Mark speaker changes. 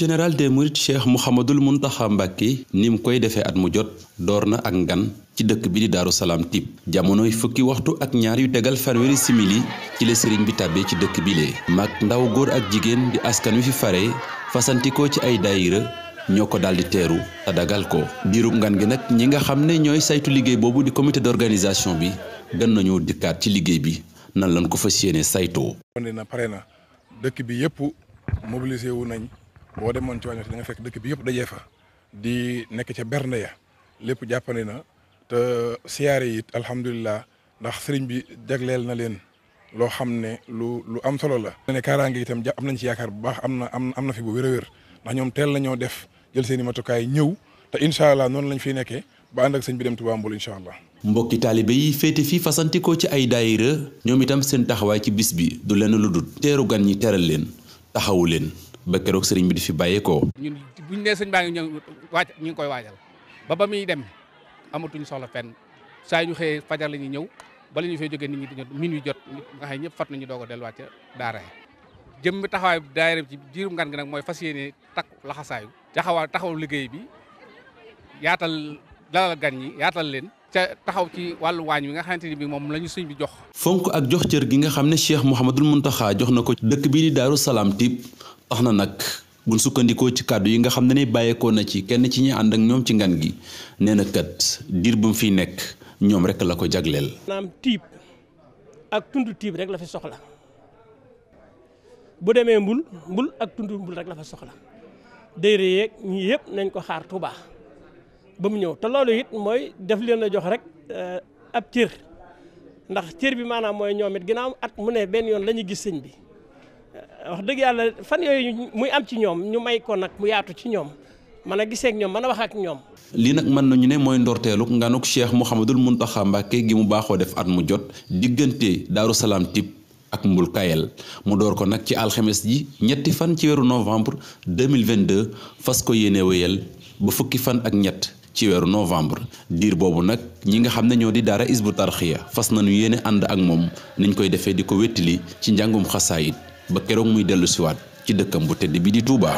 Speaker 1: général des mourides cheikh mouhamadul muntaxa mbàkki ni mu koy defee at mu jot door na ak ngan ci dëkk bi di daaru salaam tip jamonoy fukki waxtu ak ñaar yu tegal fanweeri simili ci la sëriñ bi tàbbee ci dëkk bi lee mag ndaw góor ak jigéen di askan wi fi fare fasantikoo ci ay daayira ñoo ko daal di teeru te dagal ko diirub ngan gi nag ñi nga xam ne ñooy saytu liggéey boobu di comité d'organisation bi gën nañu dikkaat ci liggéey bi nan lañ ko fas yéene saytoo.
Speaker 2: wane na pare na dëkk bi yëpp mobilisé wu nañ boo demoon ci wàññi da nga fekk dëkk bi yëpp dajee fa di nekk ca bernde ya lépp jàppandi na te siyaare yit it ndax sëriñ bi jagleel na leen loo xam ne lu lu am solo la. ne kaaraange itam am nañ ci yaakaar bu baax am na am na fi bu wér a wér ndax ñoom teel nañoo def jël seen i matukaay ñëw te incha allah noonu lañ fiy nekkee ba ànd ak sëñ bi dem Tuubaa Mbul incha allah.
Speaker 1: mbokki taalibe yi féete fii fasantikoo ci ay daayira ñoom itam seen taxawaay ci bis bi du lenn lu dul teeru gan ñi teral leen taxawu leen. ba keroog sëriñ bi di fi bàyyeekoo.
Speaker 3: ñun buñ nee sëñ baa ngi ñëw waaj ñu ngi koy waajal ba ba muy dem amatuñ soxla fenn saa ñu xëyee fajar la ñuy ñëw bala ñu fee jógee nit ñi di jot min ñëpp fat nañu doog a delluwaat ca jëm bi taxawaay daayira ci jiirum ngan gi nag mooy fas yéene takk laxasaayu taxawaa taxaw liggéey bi yaatal dalal gan ñi yaatal leen ca taxaw ci wàllu waañ wi nga xamante ni bi moom la ñu bi jox
Speaker 1: fonk ak jox cër gi nga xam ne Cheikh Mouhamadul Mountakha jox na ko dëkk bii di Daaru Salaam Typ tax na nag buñ sukkandikoo ci kàddu yi nga xam ne ni bàyyeekoo na ci kenn ci ñi ànd ak ñoom ci ngan gi nee na kat diir bu mu fiy nekk ñoom rek la ko jagleel.
Speaker 4: maanaam tiib ak tund tiib rek la fi soxla bu demee mbul mbul ak tund mbul rek la fa soxla déere yeeg ñii yëpp nañ ko xaar Tuubaa ba mu ñëw te loolu it mooy def leen a jox rek eh, ab cër ndax cër bi maanaam mooy ñoom it ginnaaw at mu ne benn yoon la ñu gis sëñ bi. wax dëgg yàlla fan yooyu muy am ci ñoom ñu may ko nag mu yaatu ci ñoom mën a gisee ak ñoom mën a wax ak ñoom.
Speaker 1: lii nag mën nañu ne mooy ndorteelu nganuk Cheikh Mouhamadul Mountakha Mbacké gi mu baaxoo def at mu jot diggante Daaru Salaam ak Mbul mu door ko nag ci alxemes ji ñetti fan ci weeru novembre 2022 fas ko yéene wéyal ba fukki fan ak ñett ci weeru novembre diir boobu nag ñi nga xam ne ñoo di daara Hizbut Tarqiyyah fas na nu yéene ànd ak moom niñ koy defee di ko wéttali ci njàngum xasaayit ba keroog muy dellu siwaat ci dëkkam bu tedd bi di Touba.